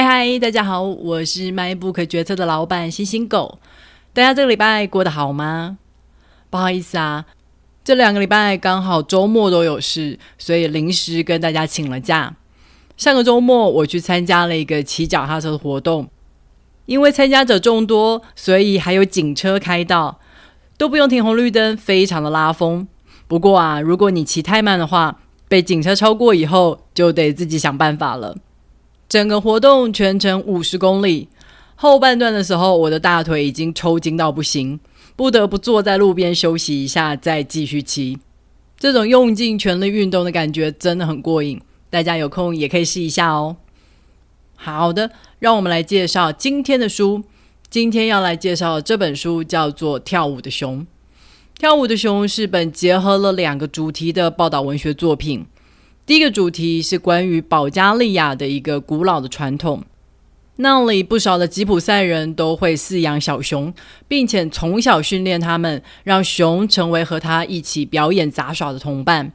嗨嗨，Hi, Hi, 大家好，我是 MINEBOOK 掘冊的老板星星狗。大家這個禮拜過得好嗎？不好意思啊，這兩個禮拜剛好周末都有事，所以臨時跟大家請了假。上個周末我去參加了一個騎腳踏車的活動，因為參加者眾多，所以還有警車開道，都不用停紅綠燈，非常的拉風。不過啊，如果你騎太慢的話，被警車超過以後，就得自己想辦法了。整個活動全程五十公里，後半段的時候，我的大腿已經抽筋到不行，不得不坐在路邊休息一下，再繼續騎。這種用盡全力運動的感覺真的很過癮，大家有空也可以試一下哦。好的，讓我們來介紹今天的書。今天要來介紹這本書叫做《跳舞的熊》。《跳舞的熊》是本結合了兩個主題的報道文學作品。第一個主題是關於保加利亞的一個古老的傳統，那裡不少的吉普賽人都會飼養小熊，並且從小訓練他們，讓熊成為和他一起表演雜耍的同伴。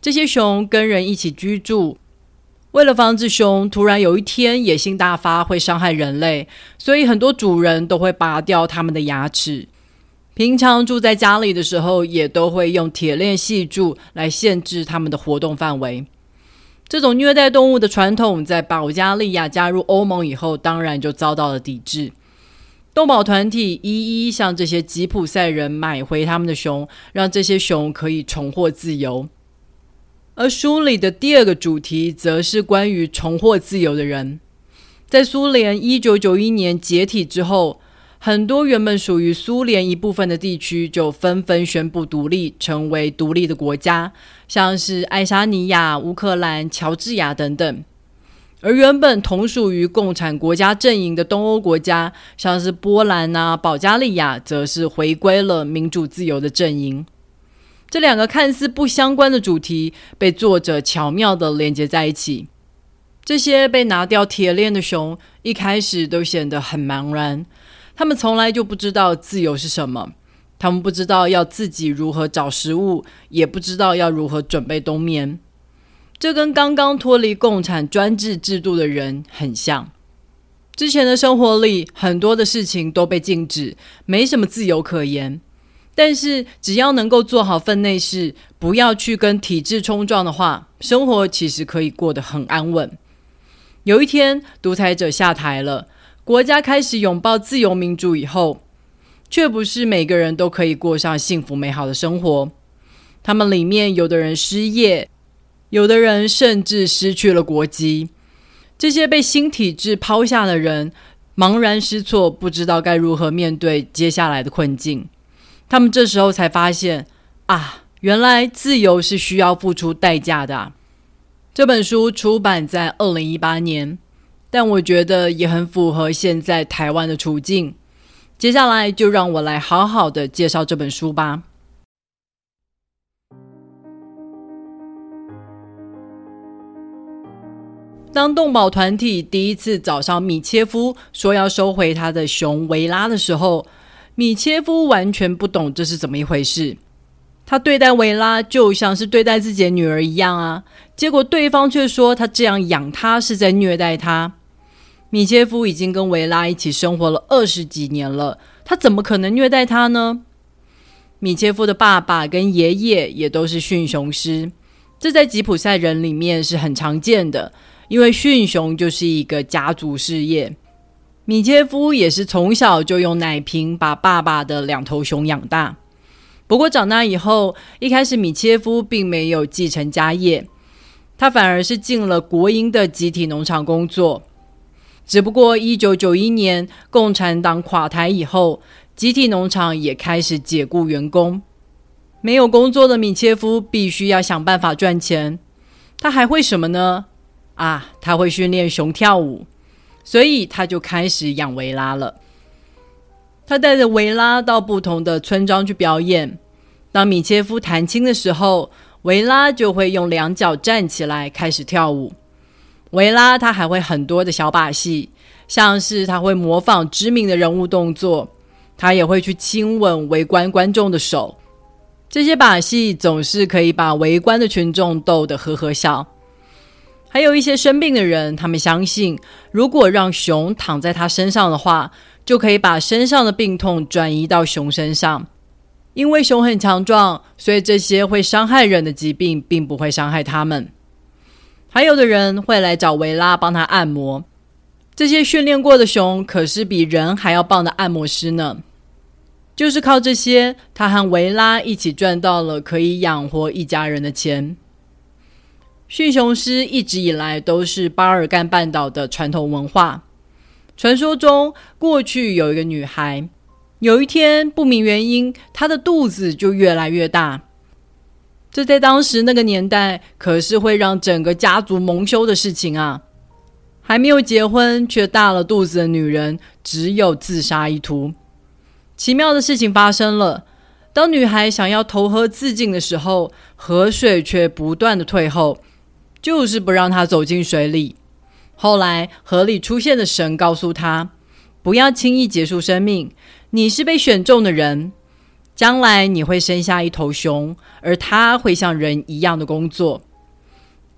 這些熊跟人一起居住，為了防止熊突然有一天野性大發會傷害人類，所以很多主人都會拔掉他們的牙齒。平常住在家裡的時候，也都會用鐵鏈繫住來限制他們的活動範圍。這種虐待動物的傳統，在保加利亞加入歐盟以後，當然就遭到了抵制。動保團體一一向這些吉普賽人買回他們的熊，讓這些熊可以重獲自由。而書裡的第二個主題，則是關於重獲自由的人。在蘇聯一九九一年解體之後，很多原本屬於蘇聯一部分的地區就紛紛宣布獨立，成為獨立的國家，像是愛沙尼亞、烏克蘭、喬治亞等等。而原本同屬於共產國家陣營的東歐國家，像是波蘭啊、保加利亞，則是回歸了民主自由的陣營。這兩個看似不相關的主題被作者巧妙地連接在一起。這些被拿掉鐵鏈的熊一開始都顯得很茫然。他們從來就不知道自由是什麼，他們不知道要自己如何找食物，也不知道要如何準備冬眠。這跟剛剛脫離共產專制制度的人很像。之前的生活裡，很多的事情都被禁止，沒什麼自由可言。但是，只要能夠做好分內事，不要去跟體制衝撞的話，生活其實可以過得很安穩。有一天，獨裁者下台了。國家開始擁抱自由民主以後，卻不是每個人都可以過上幸福美好的生活。他們裡面有的人失業，有的人甚至失去了國籍。這些被新體制拋下的人茫然失措，不知道該如何面對接下來的困境。他們這時候才發現，啊，原來自由是需要付出代價的。這本書出版在二零一八年。但我覺得也很符合現在台灣的處境。接下來就讓我來好好的介紹這本書吧。當動保團體第一次找上米切夫，說要收回他的熊維拉的時候，米切夫完全不懂這是怎麼一回事。他對待維拉就像是對待自己的女兒一樣啊，結果對方卻說他這樣養他是在虐待他。米切夫已經跟維拉一起生活了二十幾年了，他怎麼可能虐待他呢？米切夫的爸爸跟爺爺也都是馴熊師，這在吉普賽人裡面是很常見的，因為馴熊就是一個家族事業。米切夫也是從小就用奶瓶把爸爸的兩頭熊養大。不過長大以後，一開始米切夫並沒有繼承家業，他反而是進了國營的集體農場工作。只不過，一九九一年共產黨垮台以後，集體農場也開始解雇員工。沒有工作的米切夫必須要想辦法賺錢。他還會什麼呢？啊，他會訓練熊跳舞，所以他就開始養維拉了。他帶着維拉到不同的村莊去表演。當米切夫彈琴的時候，維拉就會用兩腳站起來開始跳舞。維拉他還會很多的小把戲，像是他會模仿知名的人物動作，他也會去親吻圍觀觀眾的手。這些把戲總是可以把圍觀的群眾逗得呵呵笑。還有一些生病的人，他們相信，如果讓熊躺在他身上的話，就可以把身上的病痛轉移到熊身上。因為熊很強壯，所以這些會傷害人的疾病並不會傷害他們。還有的人會來找維拉幫他按摩，這些訓練過的熊可是比人還要棒的按摩師呢。就是靠這些，他和維拉一起賺到了可以養活一家人的錢。馴熊師一直以來都是巴爾幹半島的傳統文化。傳說中，過去有一個女孩，有一天不明原因，她的肚子就越來越大。這在當時那個年代，可是會讓整個家族蒙羞的事情啊！還沒有結婚卻大了肚子的女人，只有自殺一途。奇妙的事情發生了，當女孩想要投河自盡的時候，河水卻不斷的退後，就是不讓她走進水裡。後來，河裡出現的神告訴她，不要輕易結束生命，你是被選中的人。將來你會生下一頭熊，而它會像人一樣的工作。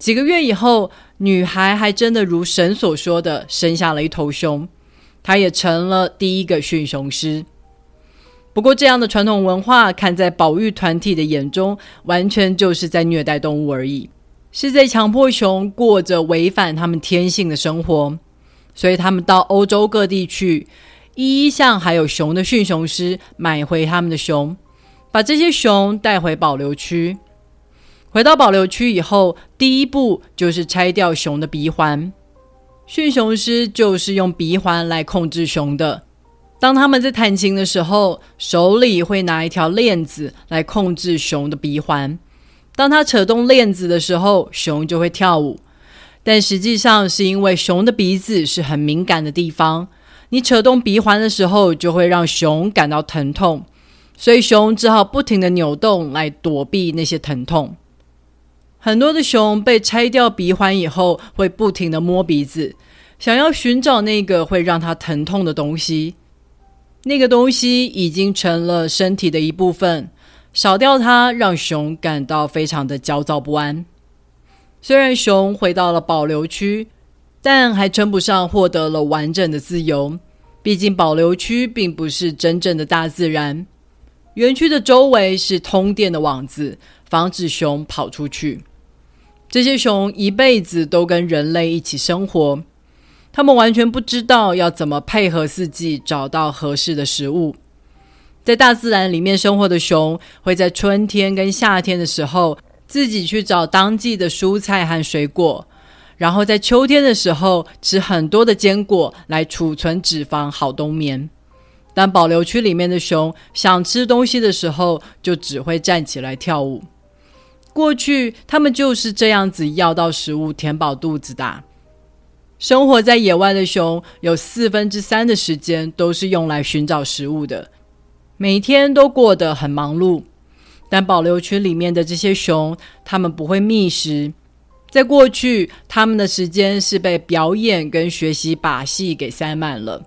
幾個月以後，女孩還真的如神所說的生下了一頭熊，她也成了第一個馴熊師。不過，這樣的傳統文化看在保育團體的眼中，完全就是在虐待動物而已，是在強迫熊過着違反他們天性的生活。所以，他們到歐洲各地去。一一向還有熊的馴熊師買回他們的熊，把這些熊帶回保留區。回到保留區以後，第一步就是拆掉熊的鼻環。馴熊師就是用鼻環來控制熊的。當他們在彈琴的時候，手裡會拿一條鏈子來控制熊的鼻環。當他扯動鏈子的時候，熊就會跳舞。但實際上是因為熊的鼻子是很敏感的地方。你扯動鼻環的時候，就會讓熊感到疼痛，所以熊只好不停地扭動來躲避那些疼痛。很多的熊被拆掉鼻環以後，會不停地摸鼻子，想要尋找那個會讓它疼痛的東西。那個東西已經成了身體的一部分，少掉它，讓熊感到非常的焦躁不安。雖然熊回到了保留區。但還稱不上獲得了完整的自由，畢竟保留區並不是真正的大自然。園區的周圍是通電的網子，防止熊跑出去。這些熊一輩子都跟人類一起生活，它們完全不知道要怎麼配合四季找到合適的食物。在大自然裡面生活的熊會在春天跟夏天的時候自己去找當季的蔬菜和水果。然後在秋天的時候吃很多的堅果來儲存脂肪，好冬眠。但保留區裡面的熊想吃東西的時候，就只會站起來跳舞。過去他們就是這樣子要到食物填飽肚子的。生活在野外的熊有四分之三的時間都是用來尋找食物的，每天都過得很忙碌。但保留區裡面的這些熊，它們不會覓食。在過去，他們的時間是被表演跟學習把戲給塞滿了。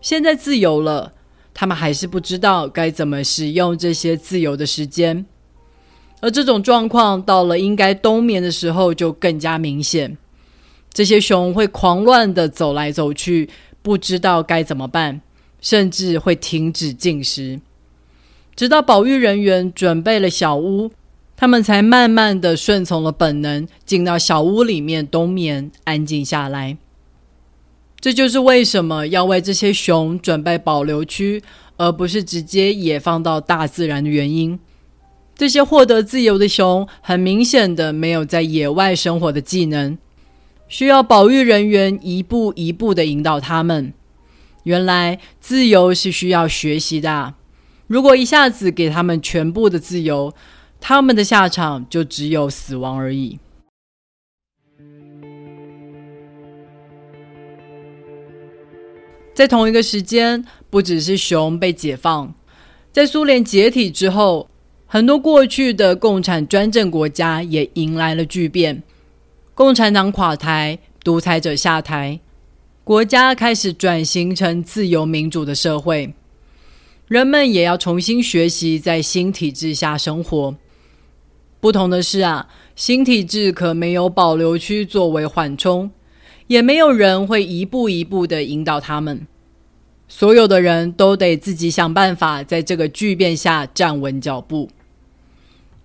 現在自由了，他們還是不知道該怎麼使用這些自由的時間。而這種狀況到了應該冬眠的時候就更加明顯。這些熊會狂亂的走來走去，不知道該怎麼辦，甚至會停止進食，直到保育人員準備了小屋。他們才慢慢的順從了本能，進到小屋裡面冬眠，安靜下來。這就是為什麼要為這些熊準備保留區，而不是直接野放到大自然的原因。這些獲得自由的熊，很明顯的沒有在野外生活的技能，需要保育人員一步一步的引導他們。原來，自由是需要學習的。如果一下子給他們全部的自由，他們的下場就只有死亡而已。在同一個時間，不只是熊被解放，在蘇聯解體之後，很多過去的共產專政國家也迎來了巨變，共產黨垮台，獨裁者下台，國家開始轉型成自由民主的社會，人們也要重新學習在新體制下生活。不同的是啊，新體制可沒有保留區作為緩衝，也沒有人會一步一步的引導他們。所有的人都得自己想辦法，在這個巨變下站穩腳步。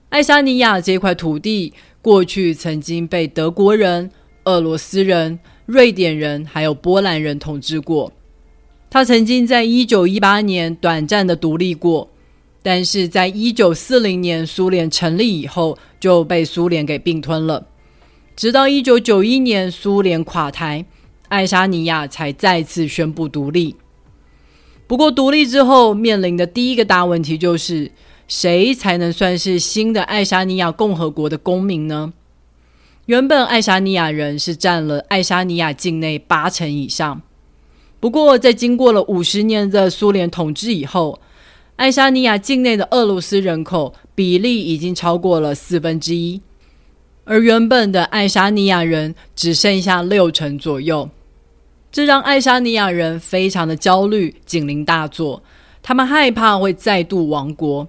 愛沙尼亞這塊土地，過去曾經被德國人、俄羅斯人、瑞典人還有波蘭人統治過。他曾經在一九一八年短暫的獨立過。但是在一九四零年蘇聯成立以後，就被蘇聯給併吞了。直到一九九一年蘇聯垮台，愛沙尼亞才再次宣布獨立。不過，獨立之後面臨的第一個大問題就是，誰才能算是新的愛沙尼亞共和國的公民呢？原本愛沙尼亞人是佔了愛沙尼亞境內八成以上，不過在經過了五十年的蘇聯統治以後，愛沙尼亞境內的俄羅斯人口比例已經超過了四分之一，而原本的愛沙尼亞人只剩下六成左右，這讓愛沙尼亞人非常的焦慮，警鈴大作，他們害怕會再度亡國，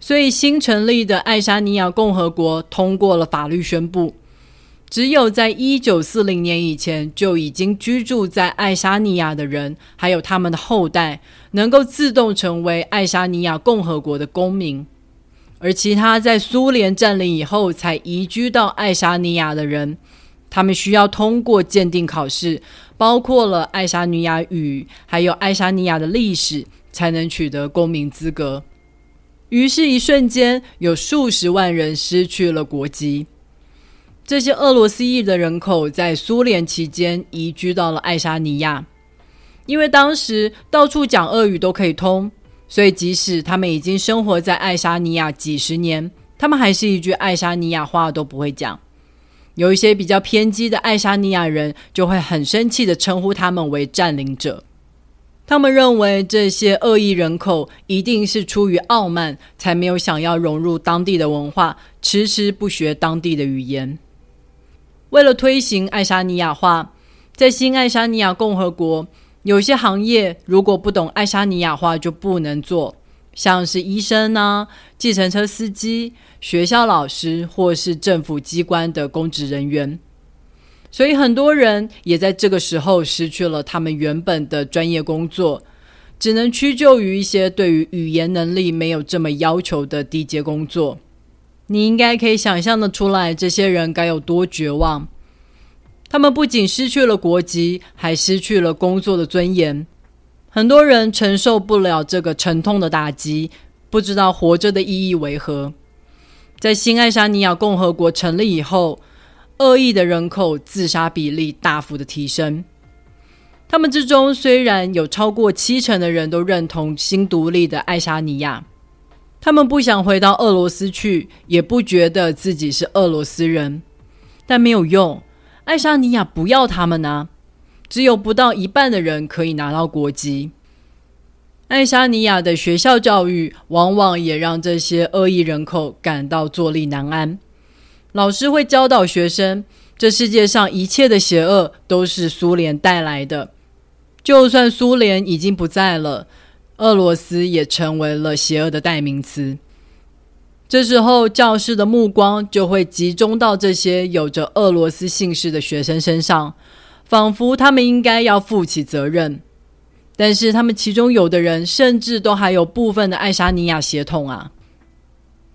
所以新成立的愛沙尼亞共和國通過了法律宣布。只有在1940年以前就已經居住在愛沙尼亞的人，還有他們的後代，能夠自動成為愛沙尼亞共和國的公民；而其他在蘇聯占領以後才移居到愛沙尼亞的人，他們需要通過鑑定考試，包括了愛沙尼亞語還有愛沙尼亞的歷史，才能取得公民資格。於是，一瞬間有數十萬人失去了國籍。這些俄羅斯裔的人口在蘇聯期間移居到了愛沙尼亞，因為當時到處講俄語都可以通，所以即使他們已經生活在愛沙尼亞幾十年，他們還是一句愛沙尼亞話都不會講。有一些比較偏激的愛沙尼亞人就會很生氣地稱呼他們為占領者，他們認為這些俄裔人口一定是出於傲慢，才沒有想要融入當地的文化，遲遲不學當地的語言。為了推行愛沙尼亞話，在新愛沙尼亞共和國，有些行業如果不懂愛沙尼亞話就不能做，像是醫生吶、啊、計程車司機、學校老師或是政府機關的公職人員。所以很多人也在這個時候失去了他們原本的專業工作，只能屈就於一些對於語言能力沒有這麼要求的低階工作。你應該可以想象得出來，這些人該有多絕望。他們不僅失去了國籍，還失去了工作的尊嚴。很多人承受不了這個沉痛的打擊，不知道活着的意義為何。在新愛沙尼亞共和國成立以後，俄裔的人口自殺比例大幅的提升。他們之中雖然有超過七成的人都認同新獨立的愛沙尼亞。他們不想回到俄羅斯去，也不覺得自己是俄羅斯人，但沒有用，愛沙尼亞不要他們呢、啊。只有不到一半的人可以拿到國籍。愛沙尼亞的學校教育往往也讓這些俄裔人口感到坐立難安。老師會教導學生，這世界上一切的邪惡都是蘇聯帶來的，就算蘇聯已經不在了。俄羅斯也成為了邪惡的代名詞。這時候，教師的目光就會集中到這些有着俄羅斯姓氏的學生身上，仿佛他們應該要負起責任。但是，他們其中有的人甚至都還有部分的愛沙尼亞血統啊！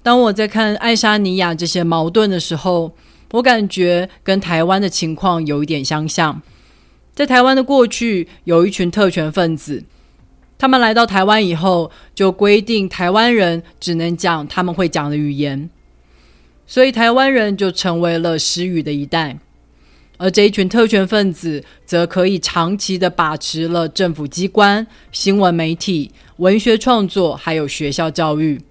當我在看愛沙尼亞這些矛盾的時候，我感覺跟台灣的情況有一點相像。在台灣的過去，有一群特權分子。他們來到台灣以後，就規定台灣人只能講他們會講的語言，所以台灣人就成為了失語的一代。而這一群特權分子，則可以長期的把持了政府機關、新聞媒體、文學創作，還有學校教育。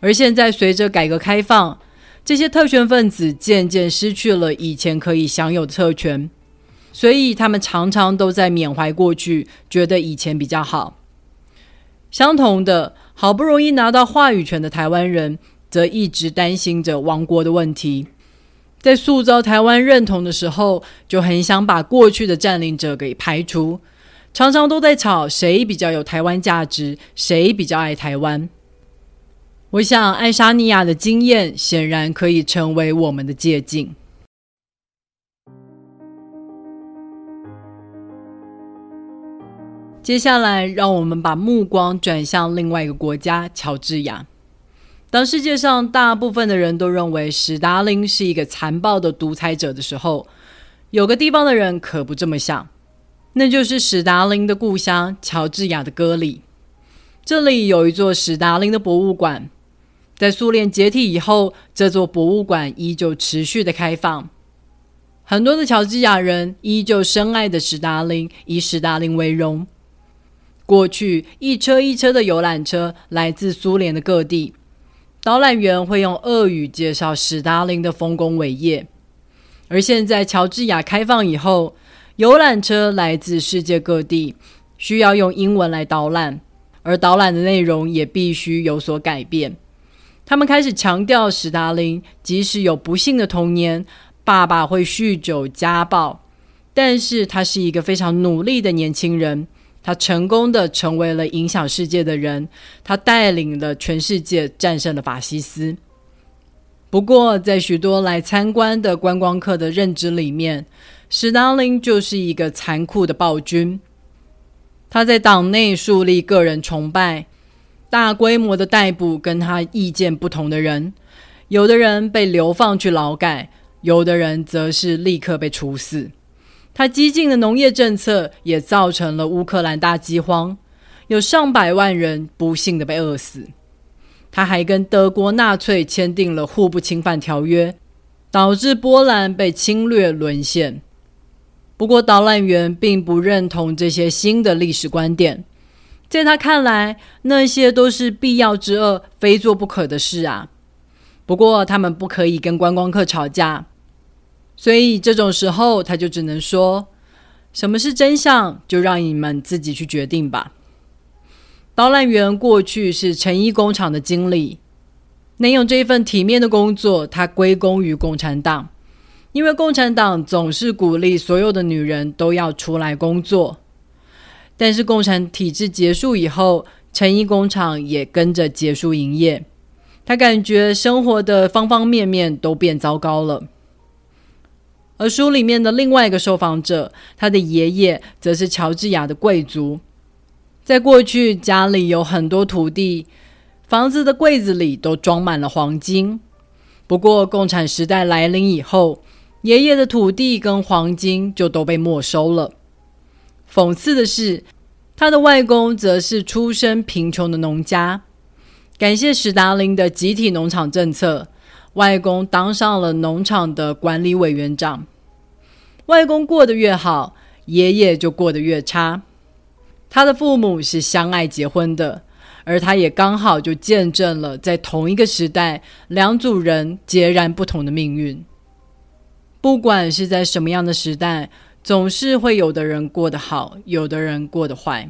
而現在，隨着改革開放，這些特權分子漸漸失去了以前可以享有的特權，所以他們常常都在緬懷過去，覺得以前比較好。相同的，好不容易拿到話語權的台灣人，則一直擔心着亡國的問題，在塑造台灣認同的時候，就很想把過去的佔領者給排除，常常都在吵誰比較有台灣價值，誰比較愛台灣。我想愛沙尼亞的經驗顯然可以成為我們的借鑒。接下來，讓我們把目光轉向另外一個國家——喬治亞。當世界上大部分的人都認為史達林是一個殘暴的獨裁者的時候，有個地方的人可不這麼想，那就是史達林的故鄉喬治亞的戈里。這裡有一座史達林的博物館，在蘇聯解體以後，這座博物館依舊持續的開放。很多的喬治亞人依舊深愛的史達林，以史達林為榮。過去，一車一車的遊覽車來自蘇聯的各地，導覽員會用俄語介紹史達林的豐功偉業。而現在，喬治亞開放以後，遊覽車來自世界各地，需要用英文來導覽，而導覽的內容也必須有所改變。他們開始強調，史達林即使有不幸的童年，爸爸會酗酒家暴，但是他是一個非常努力的年輕人。他成功的成為了影響世界的人，他帶領了全世界戰勝了法西斯。不過，在許多來參觀的觀光客的認知裡面，史達林就是一個殘酷的暴君。他在黨內樹立個人崇拜，大規模的逮捕跟他意見不同的人，有的人被流放去勞改，有的人則是立刻被處死。他激進的農業政策也造成了烏克蘭大饑荒，有上百萬人不幸的被餓死。他還跟德國納粹簽訂了互不侵犯條約，導致波蘭被侵略淪陷。不過導覽員並不認同這些新的歷史觀點，在他看來，那些都是必要之惡，非做不可的事啊。不過他們不可以跟觀光客吵架。所以，這種時候他就只能說：“什麼是真相，就讓你們自己去決定吧。”導覽員過去是成衣工廠的經理，能有這一份體面的工作，他歸功於共產黨，因為共產黨總是鼓勵所有的女人都要出來工作。但是，共產體制結束以後，成衣工廠也跟着結束營業，他感覺生活的方方面面都變糟糕了。而書裡面的另外一個受訪者，他的爺爺則是喬治亞的貴族，在過去家裡有很多土地，房子的櫃子裡都裝滿了黃金。不過共產時代來臨以後，爺爺的土地跟黃金就都被沒收了。諷刺的是，他的外公則是出身貧窮的農家，感謝史達林的集體農場政策。外公當上了農場的管理委員長，外公過得越好，爺爺就過得越差。他的父母是相愛結婚的，而他也剛好就見證了在同一個時代，兩組人截然不同的命運。不管是在什麼樣的時代，總是會有的人過得好，有的人過得壞。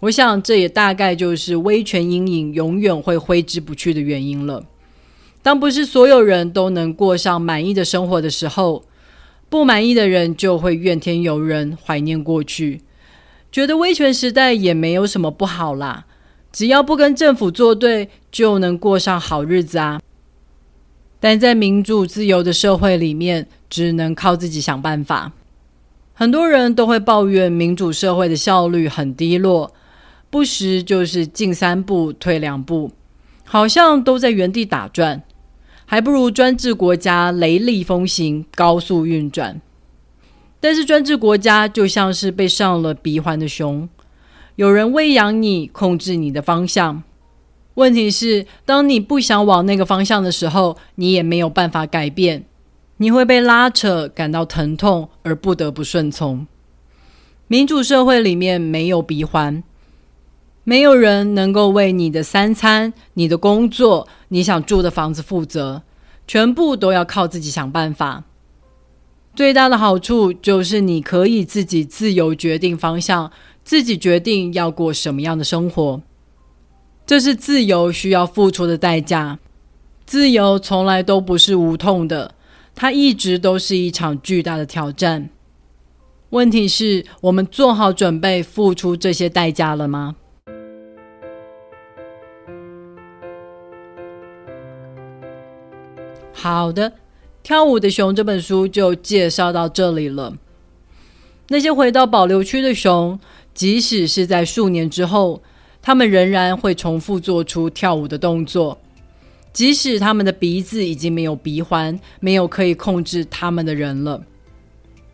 我想，這也大概就是威權陰影永遠會揮之不去的原因了。當不是所有人都能過上滿意的生活的時候，不滿意的人就會怨天尤人，懷念過去，覺得威權時代也沒有什麼不好啦，只要不跟政府作對，就能過上好日子啊。但在民主自由的社會裡面，只能靠自己想辦法。很多人都會抱怨民主社會的效率很低落，不時就是進三步退兩步，好像都在原地打轉。還不如專制國家雷厲風行，高速運轉。但是專制國家就像是被上了鼻環的熊，有人餵養你，控制你的方向。問題是，當你不想往那個方向的時候，你也沒有辦法改變，你會被拉扯，感到疼痛，而不得不順從。民主社會裡面沒有鼻環。沒有人能夠為你的三餐、你的工作、你想住的房子負責，全部都要靠自己想辦法。最大的好處就是你可以自己自由決定方向，自己決定要過什麼樣的生活。這是自由需要付出的代價。自由從來都不是無痛的，它一直都是一場巨大的挑戰。問題是我們做好準備付出這些代價了嗎？好的，跳舞的熊這本書就介紹到這裡了。那些回到保留區的熊，即使是在數年之後，他們仍然會重複做出跳舞的動作，即使他們的鼻子已經沒有鼻環，沒有可以控制他們的人了。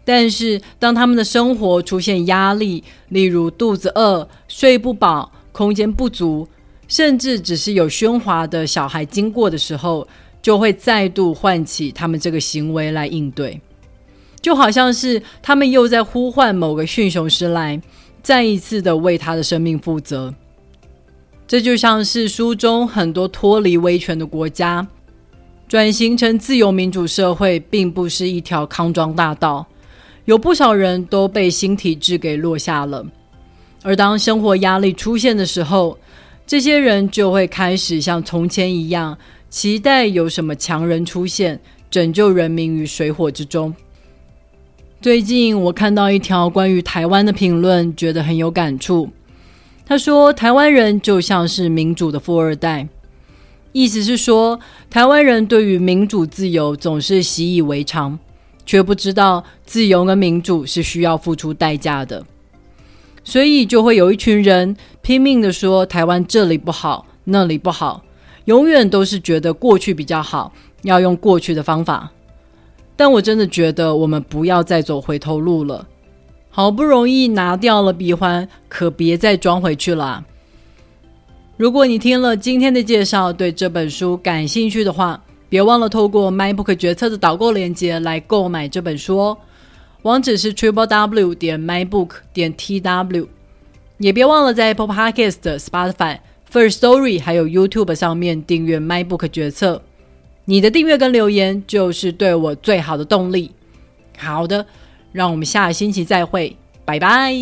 但是，當他們的生活出現壓力，例如肚子餓、睡不飽、空間不足，甚至只是有喧嘩的小孩經過的時候，就會再度喚起他們這個行為來應對，就好像是他們又在呼喚某個馴熊師來再一次的為他的生命負責。這就像是書中很多脫離威權的國家轉型成自由民主社會，並不是一條康莊大道，有不少人都被新體制給落下了。而當生活壓力出現的時候，這些人就會開始像從前一樣。期待有什麼強人出現，拯救人民於水火之中。最近我看到一條關於台灣的評論，覺得很有感觸。他說：“台灣人就像是民主的富二代，意思是說，台灣人對於民主自由總是習以為常，卻不知道自由跟民主是需要付出代價的。所以就會有一群人拼命的說，台灣這裡不好，那裡不好。”永遠都是覺得過去比較好，要用過去的方法。但我真的覺得，我們不要再走回頭路了。好不容易拿掉了鼻環，可別再裝回去了啊。如果你聽了今天的介紹，對這本書感興趣的話，別忘了透過 MINEBOOK 掘冊的導購鏈接來購買這本書哦。網址是 triple w 點 minebook 點 t w，也別忘了在 Apple Podcasts Spotify。Firstory，還有 YouTube 上面訂閱 MINEBOOK 掘冊，你的訂閱跟留言就是對我最好的動力。好的，讓我們下個星期再會，拜拜。